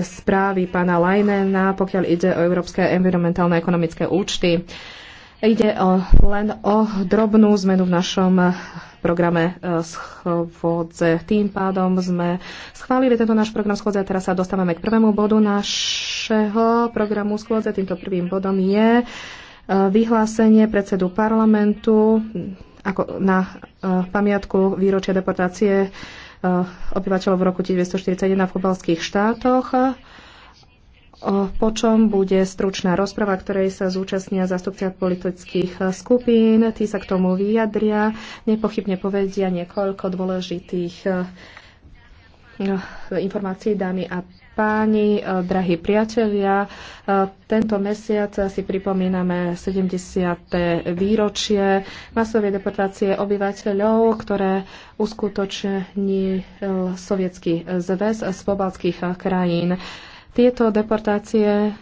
správy pána Lajnena, pokiaľ ide o európske environmentálne ekonomické účty. Ide o, len o drobnú zmenu v našom eh, programe eh, schôdze. Tým pádom sme schválili tento náš program schôdze a teraz sa dostávame k prvému bodu našeho programu schôdze. Týmto prvým bodom je eh, vyhlásenie predsedu parlamentu hm, ako na pamiatku výročia deportácie Eh, obyvateľov v roku 1941 v kubalských štátoch, eh, po čom bude stručná rozprava, ktorej sa zúčastnia zastupcia politických eh, skupín. Tí sa k tomu vyjadria, nepochybne povedia niekoľko dôležitých informácií, dámy a páni, eh, drahí priatelia, eh, tento mesiac si pripomíname 70. výročie masovej deportácie obyvateľov, ktoré uskutoční eh, sovietský zväz z pobalských krajín. Tieto deportácie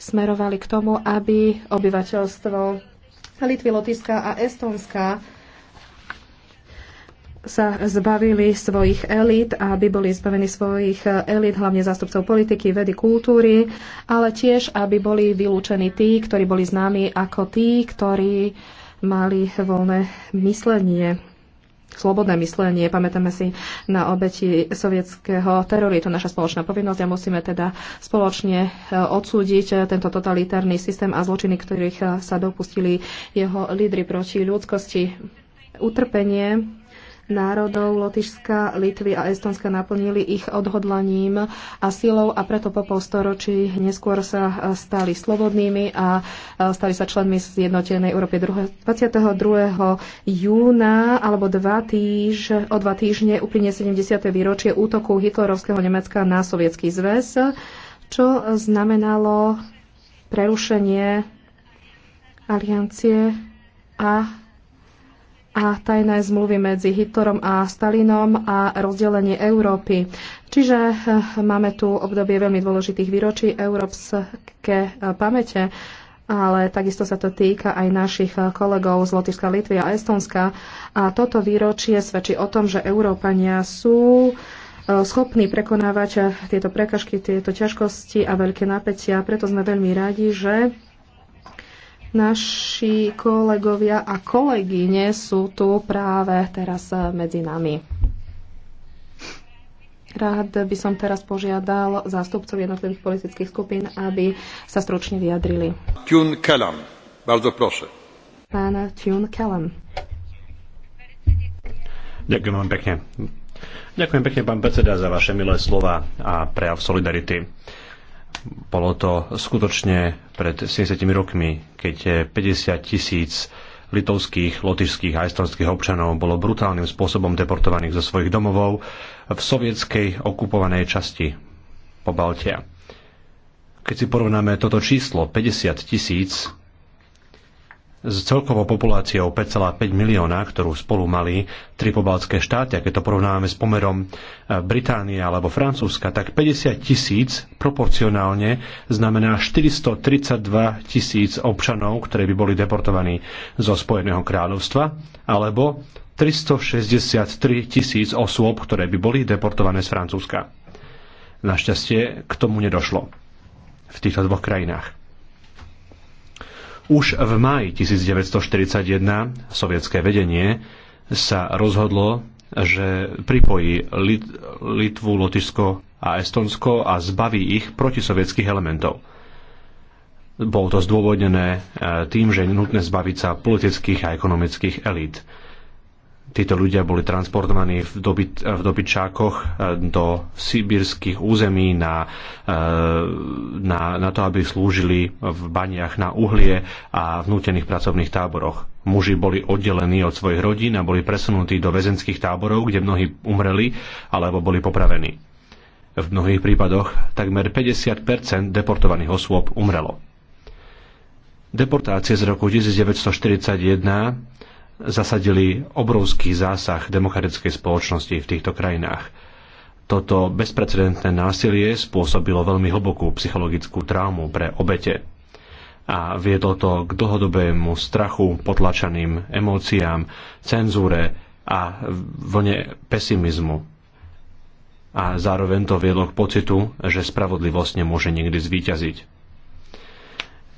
smerovali k tomu, aby obyvateľstvo Litvy, Lotyšska a Estonska sa zbavili svojich elít, aby boli zbavení svojich elít, hlavne zástupcov politiky, vedy, kultúry, ale tiež, aby boli vylúčení tí, ktorí boli známi ako tí, ktorí mali voľné myslenie slobodné myslenie. Pamätáme si na obeti sovietského teroru. Je to naša spoločná povinnosť a musíme teda spoločne e, odsúdiť e, tento totalitárny systém a zločiny, ktorých e, sa dopustili jeho lídry proti ľudskosti. Utrpenie národov Lotyšska, Litvy a Estonska naplnili ich odhodlaním a silou a preto po polstoročí neskôr sa stali slobodnými a stali sa členmi zjednotenej Európy 22. júna alebo dva týž, o dva týždne uplynie 70. výročie útoku hitlerovského Nemecka na Sovietský zväz, čo znamenalo prerušenie aliancie a a tajné zmluvy medzi Hitlerom a Stalinom a rozdelenie Európy. Čiže eh, máme tu obdobie veľmi dôležitých výročí európske eh, pamäte, ale takisto sa to týka aj našich eh, kolegov z Lotyšska, Litvy a Estonska. A toto výročie svedčí o tom, že Európania sú schopní prekonávať tieto prekažky, tieto ťažkosti a veľké napätia. Preto sme veľmi radi, že Naši kolegovia a kolegyne sú tu práve teraz eh, medzi nami. Rád by som teraz požiadal zástupcov jednotlivých politických skupín, aby sa stručne vyjadrili. Tune Kellam, bardzo proszę. Pán Tune Kellam. Ďakujem vám pekne. Ďakujem pekne, pán predseda, za vaše milé slova a prejav solidarity. Bolo to skutočne pred 70 rokmi, keď 50 eh, tisíc litovských, lotišských a estonských občanov bolo brutálnym spôsobom deportovaných zo svojich domovov v sovietskej okupovanej časti po Baltia. Keď si porovnáme toto číslo 50 tisíc s celkovou populáciou 5,5 milióna, ktorú spolu mali tri pobaltské štáty, keď to porovnáme s pomerom e, Británie alebo Francúzska, tak 50 tisíc proporcionálne znamená 432 tisíc občanov, ktorí by boli deportovaní zo Spojeného kráľovstva, alebo 363 tisíc osôb, ktoré by boli deportované z Francúzska. Našťastie k tomu nedošlo v týchto dvoch krajinách. Už v maji 1941 sovietské vedenie sa rozhodlo, že pripojí Lit- Litvu, Lotyšsko a Estonsko a zbaví ich protisovietských elementov. Bolo to zdôvodnené e, tým, že je nutné zbaviť sa politických a ekonomických elít. Títo ľudia boli transportovaní v, doby, v dobyčákoch eh, do sibírskych území na, eh, na, na to, aby slúžili v baniach na uhlie a v nútených pracovných táboroch. Muži boli oddelení od svojich rodín a boli presunutí do väzenských táborov, kde mnohí umreli alebo boli popravení. V mnohých prípadoch takmer 50 deportovaných osôb umrelo. Deportácie z roku 1941 zasadili obrovský zásah demokratickej spoločnosti v týchto krajinách. Toto bezprecedentné násilie spôsobilo veľmi hlbokú psychologickú traumu pre obete a viedlo to k dlhodobému strachu, potlačaným emóciám, cenzúre a vlne pesimizmu. A zároveň to viedlo k pocitu, že spravodlivosť nemôže nikdy zvíťaziť.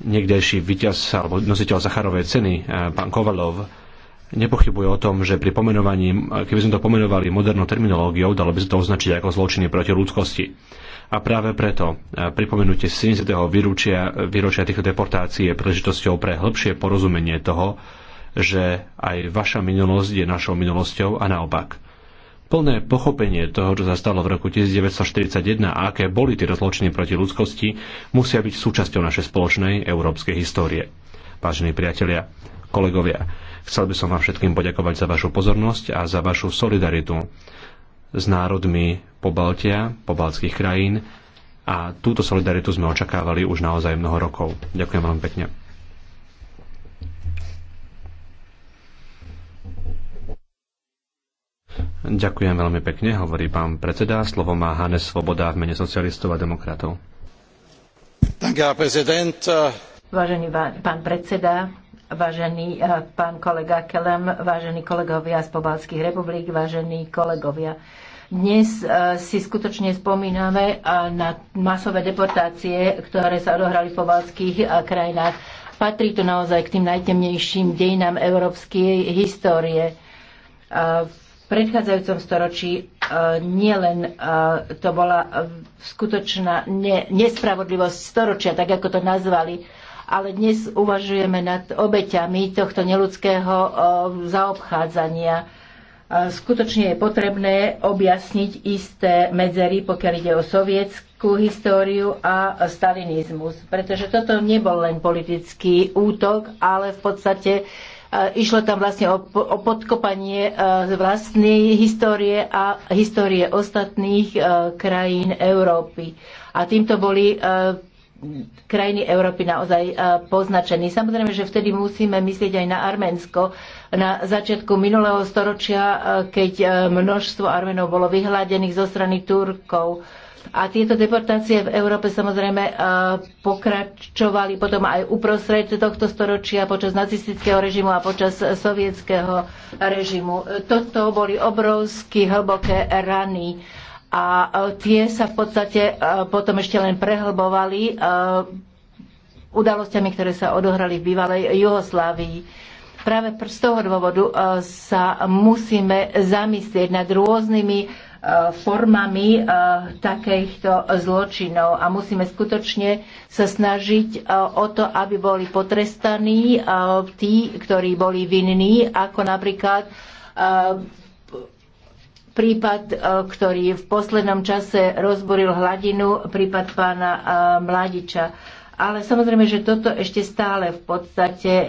Niekdejší víťaz alebo nositeľ Zacharovej ceny, eh, pán Kovalov, nepochybuje o tom, že pri pomenovaní, keby sme to pomenovali modernou terminológiou, dalo by sa to označiť ako zločiny proti ľudskosti. A práve preto e, pripomenutie 70. výročia, výročia týchto deportácií je príležitosťou pre hĺbšie porozumenie toho, že aj vaša minulosť je našou minulosťou a naopak. Plné pochopenie toho, čo sa stalo v roku 1941 a aké boli tie zločiny proti ľudskosti, musia byť súčasťou našej spoločnej európskej histórie. Vážení priatelia, kolegovia, Chcel by som vám všetkým poďakovať za vašu pozornosť a za vašu solidaritu s národmi po po pobaltských krajín a túto solidaritu sme očakávali už naozaj mnoho rokov. Ďakujem veľmi pekne. Ďakujem veľmi pekne, hovorí pán predseda. Slovo má Hane Svoboda v mene socialistov a demokratov. Vážený pán predseda, vážený eh, pán kolega Kelem, vážení kolegovia z Pobalských republik, vážení kolegovia. Dnes eh, si skutočne spomíname eh, na masové deportácie, ktoré sa odohrali v pobalských krajinách. Patrí to naozaj k tým najtemnejším dejinám európskej histórie. V predchádzajúcom storočí nielen to bola skutočná nespravodlivosť storočia, tak ako to nazvali ale dnes uvažujeme nad obeťami tohto neludského eh, zaobchádzania. Eh, skutočne je potrebné objasniť isté medzery, pokiaľ ide o sovietskú históriu a stalinizmus. Pretože toto nebol len politický útok, ale v podstate eh, išlo tam vlastne o, podkopanie vlastnej histórie a histórie ostatných krajín Európy. A týmto boli krajiny Európy naozaj e, poznačený. Samozrejme, že vtedy musíme myslieť aj na Arménsko. Na začiatku minulého storočia, e, keď e, množstvo Arménov bolo vyhľadených zo strany Turkov, a tieto deportácie v Európe samozrejme pokračovali potom aj uprostred tohto storočia počas nacistického režimu a počas sovietského režimu. Toto boli obrovsky hlboké rany a e, tie sa v podstate e, potom ešte len prehlbovali e, udalosťami, ktoré sa odohrali v bývalej Juhoslávii. Práve z toho dôvodu sa musíme zamyslieť nad rôznymi formami takýchto zločinov a musíme skutočne sa snažiť o to, aby boli potrestaní tí, ktorí boli vinní, ako napríklad prípad, e, ktorý v poslednom čase rozboril hladinu, prípad pána e, Mladiča. Ale samozrejme, že toto ešte stále v podstate e,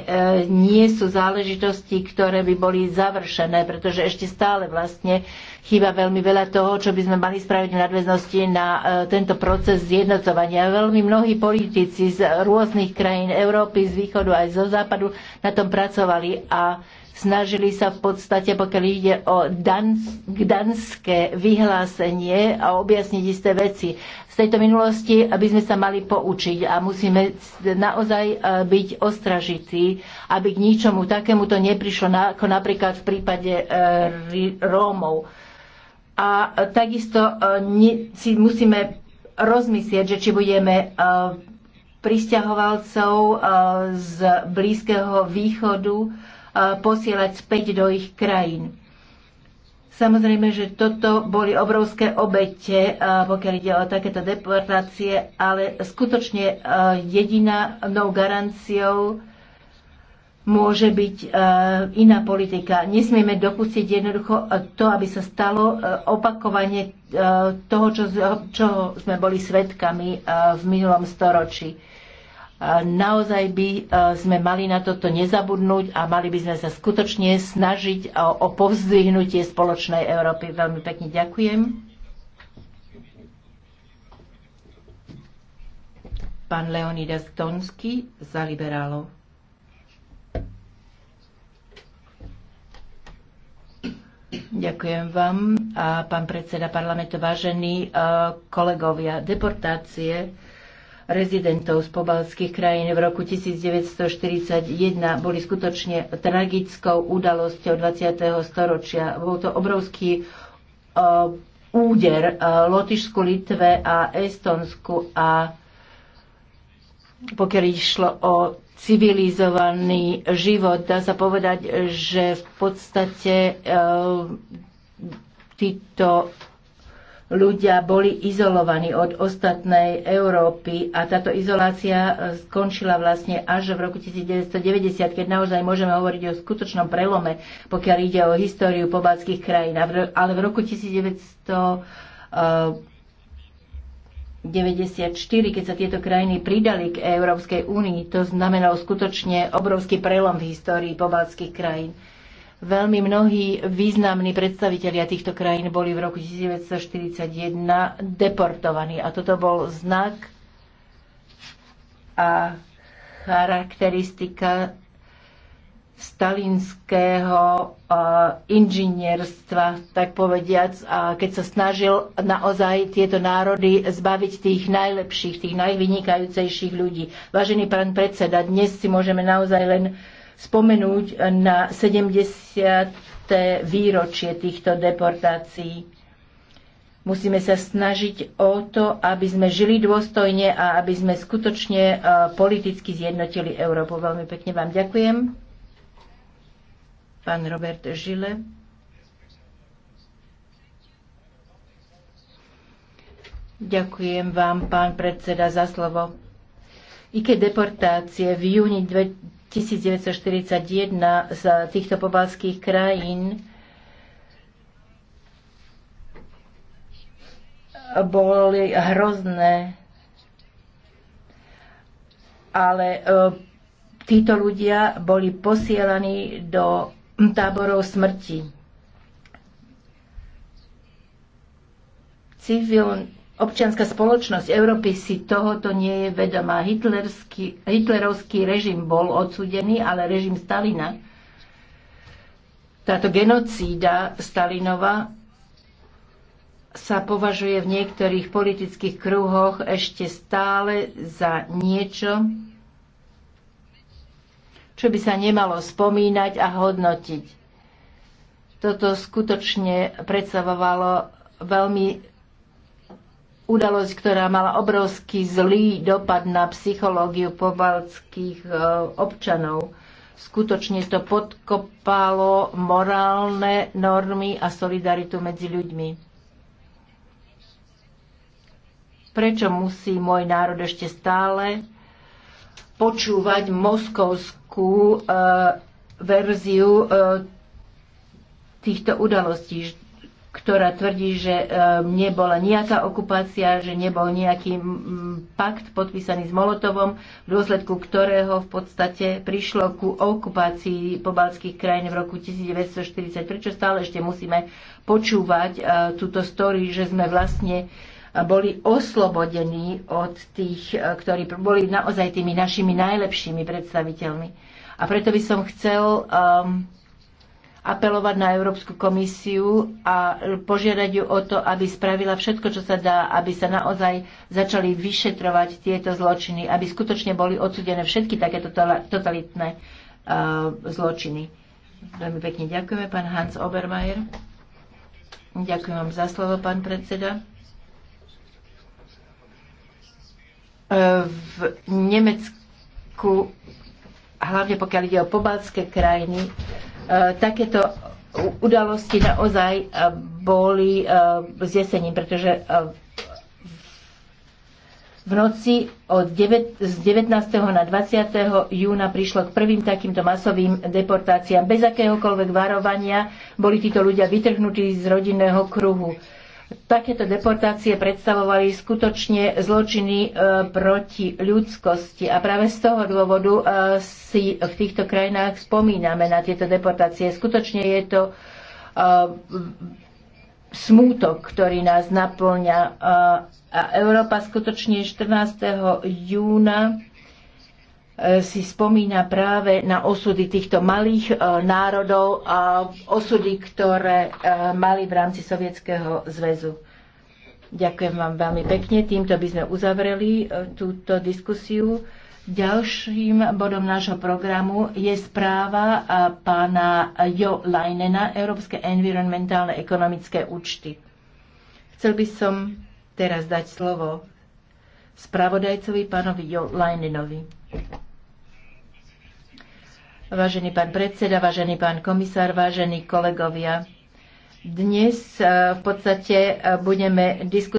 nie sú záležitosti, ktoré by boli završené, pretože ešte stále vlastne chýba veľmi veľa toho, čo by sme mali spraviť v nadväznosti na tento proces zjednocovania. Veľmi mnohí politici z rôznych krajín Európy, z východu aj zo západu na tom pracovali a snažili sa v podstate, pokiaľ ide o danské vyhlásenie a objasniť isté veci z tejto minulosti, aby sme sa mali poučiť a musíme naozaj e, byť ostražití, aby k ničomu takému to neprišlo, ako napríklad v prípade e, Rómov. A takisto e, si musíme rozmyslieť, že či budeme pristahovalcov z Blízkeho východu, posielať späť do ich krajín. Samozrejme, že toto boli obrovské obete, pokiaľ ide o takéto deportácie, ale skutočne jedinou no garanciou môže byť iná politika. Nesmieme dopustiť jednoducho to, aby sa stalo opakovanie toho, čo, čoho sme boli svetkami v minulom storočí naozaj by e, sme mali na toto nezabudnúť a mali by sme sa skutočne snažiť o, e, o povzdvihnutie spoločnej Európy. Veľmi pekne ďakujem. Pán Leonidas Tonsky za liberálov. Ďakujem vám, a pán predseda parlamentu, vážení e, kolegovia. Deportácie rezidentov z pobalských krajín v roku 1941 boli skutočne tragickou udalosťou 20. storočia. Bol to obrovský uh, úder uh, Lotyšsku, Litve a Estonsku a pokiaľ išlo o civilizovaný život, dá sa povedať, že v podstate uh, títo ľudia boli izolovaní od ostatnej Európy a táto izolácia e, skončila vlastne až v roku 1990, keď naozaj môžeme hovoriť o skutočnom prelome, pokiaľ ide o históriu pobalských krajín. Ale v roku 1994, e, keď sa tieto krajiny pridali k Európskej únii, to znamenalo skutočne obrovský prelom v histórii pobalských krajín. Veľmi mnohí významní predstavitelia týchto krajín boli v roku 1941 deportovaní a toto bol znak a charakteristika stalinského inžinierstva, tak povediac, a keď sa snažil naozaj tieto národy zbaviť tých najlepších, tých najvynikajúcejších ľudí. Vážený pán predseda, dnes si môžeme naozaj len spomenúť na 70. výročie týchto deportácií. Musíme sa snažiť o to, aby sme žili dôstojne a aby sme skutočne e, politicky zjednotili Európu. Veľmi pekne vám ďakujem. Pán Robert Žile. Ďakujem vám, pán predseda, za slovo. I keď deportácie v júni 2000 1941 z týchto pobalských krajín boli hrozné, ale e, títo ľudia boli posielaní do táborov smrti. Civil, Občianská spoločnosť Európy si tohoto nie je vedomá. Hitlerský, hitlerovský režim bol odsudený, ale režim Stalina, táto genocída Stalinova sa považuje v niektorých politických kruhoch ešte stále za niečo, čo by sa nemalo spomínať a hodnotiť. Toto skutočne predstavovalo veľmi udalosť, ktorá mala obrovský zlý dopad na psychológiu pobalckých e, občanov. Skutočne to podkopalo morálne normy a solidaritu medzi ľuďmi prečo musí môj národ ešte stále počúvať moskovskú e, verziu e, týchto udalostí ktorá tvrdí, že e, nebola nejaká okupácia, že nebol nejaký pakt podpísaný s Molotovom, v dôsledku ktorého v podstate prišlo ku okupácii pobalských krajín v roku 1940. Prečo stále ešte musíme počúvať e, túto story, že sme vlastne boli oslobodení od tých, e, ktorí boli naozaj tými našimi najlepšími predstaviteľmi. A preto by som chcel um, apelovať na Európsku komisiu a požiadať ju o to, aby spravila všetko, čo sa dá, aby sa naozaj začali vyšetrovať tieto zločiny, aby skutočne boli odsudené všetky takéto totalitné uh, zločiny. Veľmi pekne ďakujeme, pán Hans Obermajer. Ďakujem vám za slovo, pán predseda. E, v Nemecku, hlavne pokiaľ ide o pobalské krajiny, Eh, takéto udalosti naozaj eh, boli eh, zjesením, pretože v noci od 9, z 19. na 20. júna prišlo k prvým takýmto masovým deportáciám. Bez akéhokoľvek varovania boli títo ľudia vytrhnutí z rodinného kruhu. Takéto deportácie predstavovali skutočne zločiny e, proti ľudskosti a práve z toho dôvodu e, si v týchto krajinách spomíname na tieto deportácie. Skutočne je to e, smútok, ktorý nás naplňa. A Európa skutočne 14. júna Eh, si spomína práve na osudy týchto malých eh, národov a osudy, ktoré eh, mali v rámci Sovietskeho zväzu. Ďakujem vám veľmi pekne. Týmto by sme uzavreli túto diskusiu. Ďalším bodom nášho programu je správa pána Jo Leinena, Európske environmentálne ekonomické účty. Chcel by som teraz dať slovo spravodajcovi pánovi Jo Leinenovi. Vážený pán predseda, vážený pán komisár, vážení kolegovia, dnes eh, v podstate eh, budeme diskutovať